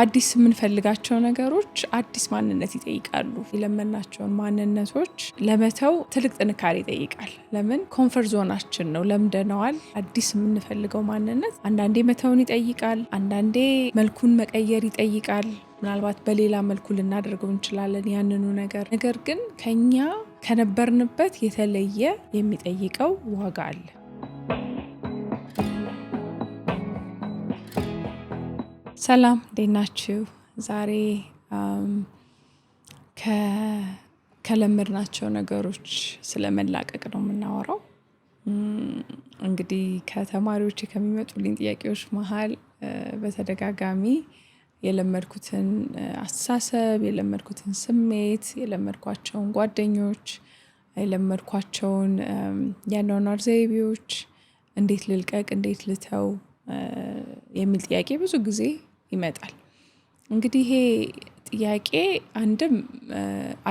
አዲስ የምንፈልጋቸው ነገሮች አዲስ ማንነት ይጠይቃሉ። የለመናቸውን ማንነቶች ለመተው ትልቅ ጥንካሬ ይጠይቃል። ለምን ኮንፈርት ዞናችን ነው፣ ለምደነዋል። አዲስ የምንፈልገው ማንነት አንዳንዴ መተውን ይጠይቃል፣ አንዳንዴ መልኩን መቀየር ይጠይቃል። ምናልባት በሌላ መልኩ ልናደርገው እንችላለን ያንኑ ነገር። ነገር ግን ከኛ ከነበርንበት የተለየ የሚጠይቀው ዋጋ አለ። ሰላም እንዴት ናችሁ? ዛሬ ከለመድናቸው ነገሮች ስለ መላቀቅ ነው የምናወራው። እንግዲህ ከተማሪዎች ከሚመጡልኝ ጥያቄዎች መሀል በተደጋጋሚ የለመድኩትን አስተሳሰብ፣ የለመድኩትን ስሜት፣ የለመድኳቸውን ጓደኞች፣ የለመድኳቸውን የአኗኗር ዘይቤዎች እንዴት ልልቀቅ፣ እንዴት ልተው የሚል ጥያቄ ብዙ ጊዜ ይመጣል። እንግዲህ ይሄ ጥያቄ አንድም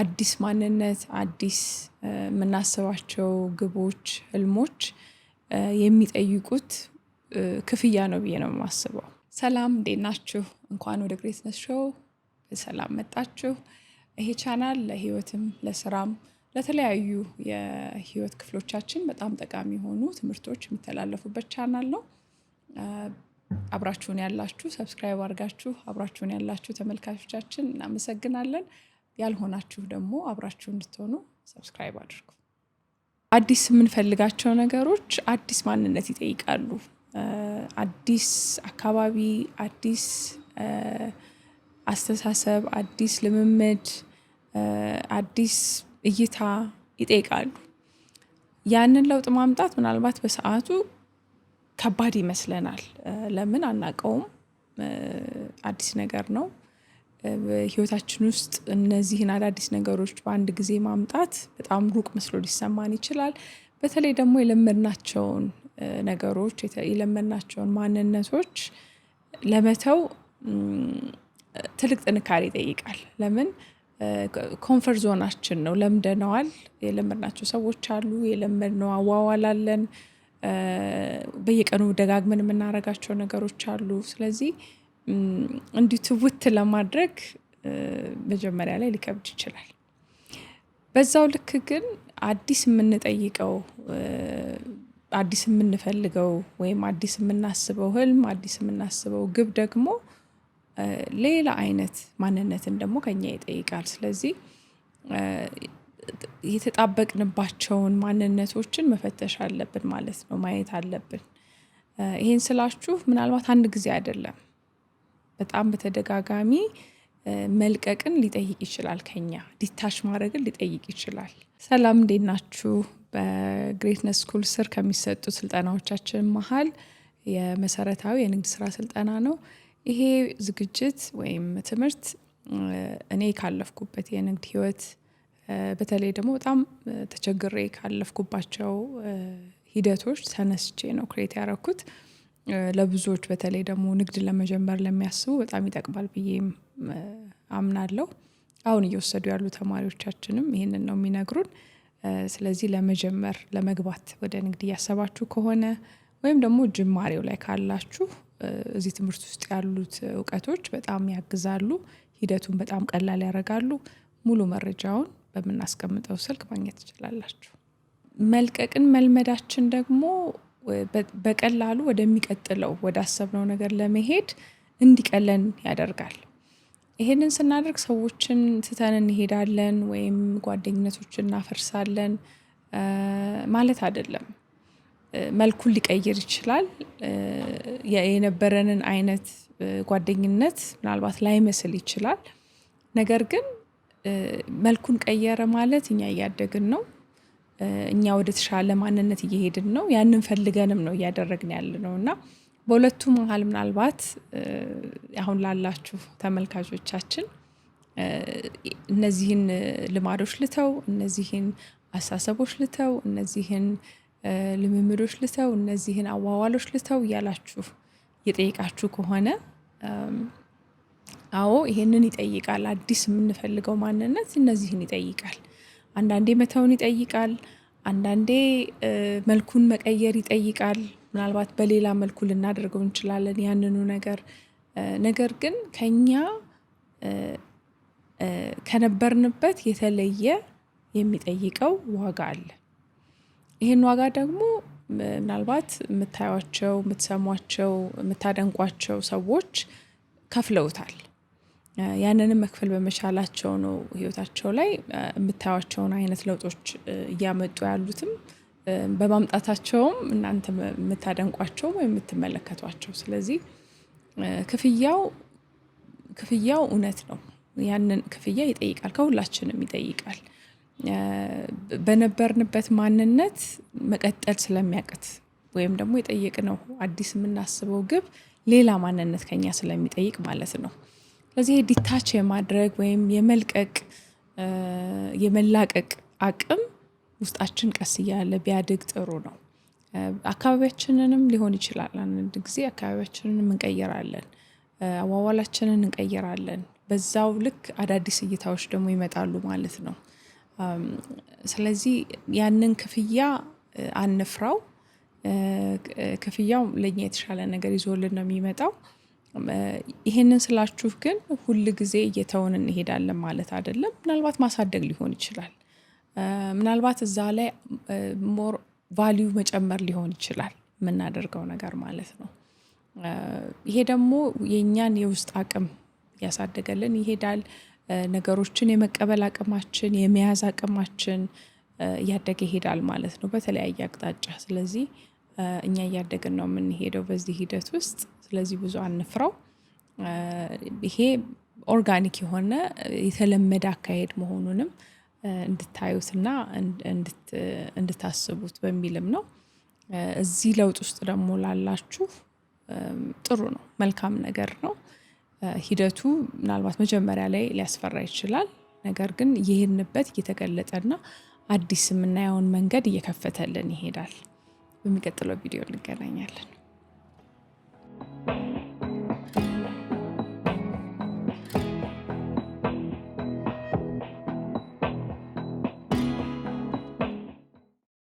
አዲስ ማንነት አዲስ የምናስባቸው ግቦች ህልሞች የሚጠይቁት ክፍያ ነው ብዬ ነው የማስበው። ሰላም እንዴት ናችሁ? እንኳን ወደ ግሬትነስ ሾው በሰላም መጣችሁ። ይሄ ቻናል ለህይወትም ለስራም ለተለያዩ የህይወት ክፍሎቻችን በጣም ጠቃሚ የሆኑ ትምህርቶች የሚተላለፉበት ቻናል ነው። አብራችሁን ያላችሁ ሰብስክራይብ አድርጋችሁ አብራችሁን ያላችሁ ተመልካቾቻችን እናመሰግናለን። ያልሆናችሁ ደግሞ አብራችሁ እንድትሆኑ ሰብስክራይብ አድርጉ። አዲስ የምንፈልጋቸው ነገሮች አዲስ ማንነት ይጠይቃሉ። አዲስ አካባቢ፣ አዲስ አስተሳሰብ፣ አዲስ ልምምድ፣ አዲስ እይታ ይጠይቃሉ። ያንን ለውጥ ማምጣት ምናልባት በሰዓቱ ከባድ ይመስለናል። ለምን አናውቀውም፣ አዲስ ነገር ነው። ህይወታችን ውስጥ እነዚህን አዳዲስ ነገሮች በአንድ ጊዜ ማምጣት በጣም ሩቅ መስሎ ሊሰማን ይችላል። በተለይ ደግሞ የለመድናቸውን ነገሮች የለመድናቸውን ማንነቶች ለመተው ትልቅ ጥንካሬ ይጠይቃል። ለምን ኮንፈርት ዞናችን ነው፣ ለምደነዋል። የለመድናቸው ሰዎች አሉ፣ የለመድነው አዋዋል አለን በየቀኑ ደጋግመን የምናደርጋቸው ነገሮች አሉ። ስለዚህ እንዲህ ትውት ለማድረግ መጀመሪያ ላይ ሊከብድ ይችላል። በዛው ልክ ግን አዲስ የምንጠይቀው አዲስ የምንፈልገው ወይም አዲስ የምናስበው ህልም አዲስ የምናስበው ግብ ደግሞ ሌላ አይነት ማንነትን ደግሞ ከኛ ይጠይቃል። ስለዚህ የተጣበቅንባቸውን ማንነቶችን መፈተሽ አለብን ማለት ነው፣ ማየት አለብን። ይህን ስላችሁ ምናልባት አንድ ጊዜ አይደለም፣ በጣም በተደጋጋሚ መልቀቅን ሊጠይቅ ይችላል። ከኛ ዲታች ማድረግን ሊጠይቅ ይችላል። ሰላም እንዴት ናችሁ? በግሬትነስ ስኩል ስር ከሚሰጡ ስልጠናዎቻችን መሀል የመሰረታዊ የንግድ ስራ ስልጠና ነው። ይሄ ዝግጅት ወይም ትምህርት እኔ ካለፍኩበት የንግድ ህይወት በተለይ ደግሞ በጣም ተቸግሬ ካለፍኩባቸው ሂደቶች ተነስቼ ነው ክሬት ያረኩት። ለብዙዎች በተለይ ደግሞ ንግድ ለመጀመር ለሚያስቡ በጣም ይጠቅማል ብዬም አምናለሁ። አሁን እየወሰዱ ያሉ ተማሪዎቻችንም ይህንን ነው የሚነግሩን። ስለዚህ ለመጀመር ለመግባት ወደ ንግድ እያሰባችሁ ከሆነ ወይም ደግሞ ጅማሬው ላይ ካላችሁ እዚህ ትምህርት ውስጥ ያሉት እውቀቶች በጣም ያግዛሉ ሂደቱን በጣም ቀላል ያደርጋሉ። ሙሉ መረጃውን በምናስቀምጠው ስልክ ማግኘት ትችላላችሁ። መልቀቅን መልመዳችን ደግሞ በቀላሉ ወደሚቀጥለው ወዳሰብነው ነገር ለመሄድ እንዲቀለን ያደርጋል። ይሄንን ስናደርግ ሰዎችን ትተን እንሄዳለን ወይም ጓደኝነቶችን እናፈርሳለን ማለት አይደለም። መልኩን ሊቀይር ይችላል። የነበረንን አይነት ጓደኝነት ምናልባት ላይመስል ይችላል። ነገር ግን መልኩን ቀየረ ማለት እኛ እያደግን ነው። እኛ ተሻለ ማንነት እየሄድን ነው። ያንን ፈልገንም ነው እያደረግን ነው እና በሁለቱ መሀል ምናልባት አሁን ላላችሁ ተመልካቾቻችን እነዚህን ልማዶች ልተው፣ እነዚህን አሳሰቦች ልተው፣ እነዚህን ልምምዶች ልተው፣ እነዚህን አዋዋሎች ልተው እያላችሁ እየጠየቃችሁ ከሆነ አዎ ይሄንን ይጠይቃል። አዲስ የምንፈልገው ማንነት እነዚህን ይጠይቃል። አንዳንዴ መተውን ይጠይቃል። አንዳንዴ መልኩን መቀየር ይጠይቃል። ምናልባት በሌላ መልኩ ልናደርገው እንችላለን ያንኑ ነገር ነገር ግን ከኛ ከነበርንበት የተለየ የሚጠይቀው ዋጋ አለ። ይህን ዋጋ ደግሞ ምናልባት የምታዩቸው የምትሰሟቸው፣ የምታደንቋቸው ሰዎች ከፍለውታል። ያንንም መክፈል በመቻላቸው ነው ህይወታቸው ላይ የምታዩቸውን አይነት ለውጦች እያመጡ ያሉትም በማምጣታቸውም እናንተ የምታደንቋቸው ወይም የምትመለከቷቸው። ስለዚህ ክፍያው ክፍያው እውነት ነው ያንን ክፍያ ይጠይቃል ከሁላችንም ይጠይቃል። በነበርንበት ማንነት መቀጠል ስለሚያቅት ወይም ደግሞ የጠየቅነው አዲስ የምናስበው ግብ ሌላ ማንነት ከኛ ስለሚጠይቅ ማለት ነው ስለዚህ ዲታች የማድረግ ወይም የመልቀቅ የመላቀቅ አቅም ውስጣችን ቀስ እያለ ቢያድግ ጥሩ ነው። አካባቢያችንንም ሊሆን ይችላል አንድ ጊዜ አካባቢያችንንም እንቀይራለን አዋዋላችንን እንቀይራለን በዛው ልክ አዳዲስ እይታዎች ደግሞ ይመጣሉ ማለት ነው። ስለዚህ ያንን ክፍያ አንፍራው። ክፍያው ለእኛ የተሻለ ነገር ይዞልን ነው የሚመጣው ይሄንን ስላችሁ ግን ሁል ጊዜ እየተውን እንሄዳለን ማለት አይደለም። ምናልባት ማሳደግ ሊሆን ይችላል። ምናልባት እዛ ላይ ሞር ቫሊዩ መጨመር ሊሆን ይችላል የምናደርገው ነገር ማለት ነው። ይሄ ደግሞ የእኛን የውስጥ አቅም እያሳደገልን ይሄዳል። ነገሮችን የመቀበል አቅማችን፣ የመያዝ አቅማችን እያደገ ይሄዳል ማለት ነው በተለያየ አቅጣጫ ስለዚህ እኛ እያደግን ነው የምንሄደው በዚህ ሂደት ውስጥ። ስለዚህ ብዙ አንፍራው። ይሄ ኦርጋኒክ የሆነ የተለመደ አካሄድ መሆኑንም እንድታዩትና እንድታስቡት በሚልም ነው። እዚህ ለውጥ ውስጥ ደግሞ ላላችሁ ጥሩ ነው፣ መልካም ነገር ነው። ሂደቱ ምናልባት መጀመሪያ ላይ ሊያስፈራ ይችላል። ነገር ግን ይህንበት እየተገለጠና አዲስ የምናየውን መንገድ እየከፈተልን ይሄዳል። በሚቀጥለው ቪዲዮ እንገናኛለን።